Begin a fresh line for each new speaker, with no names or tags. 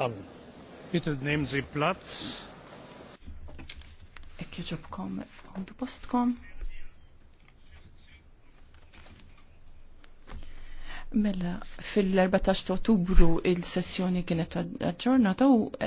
an. Bitte nehmen Sie Platz. E
mela, fil-14 ottubru il-sessjoni kienet
aġġornata u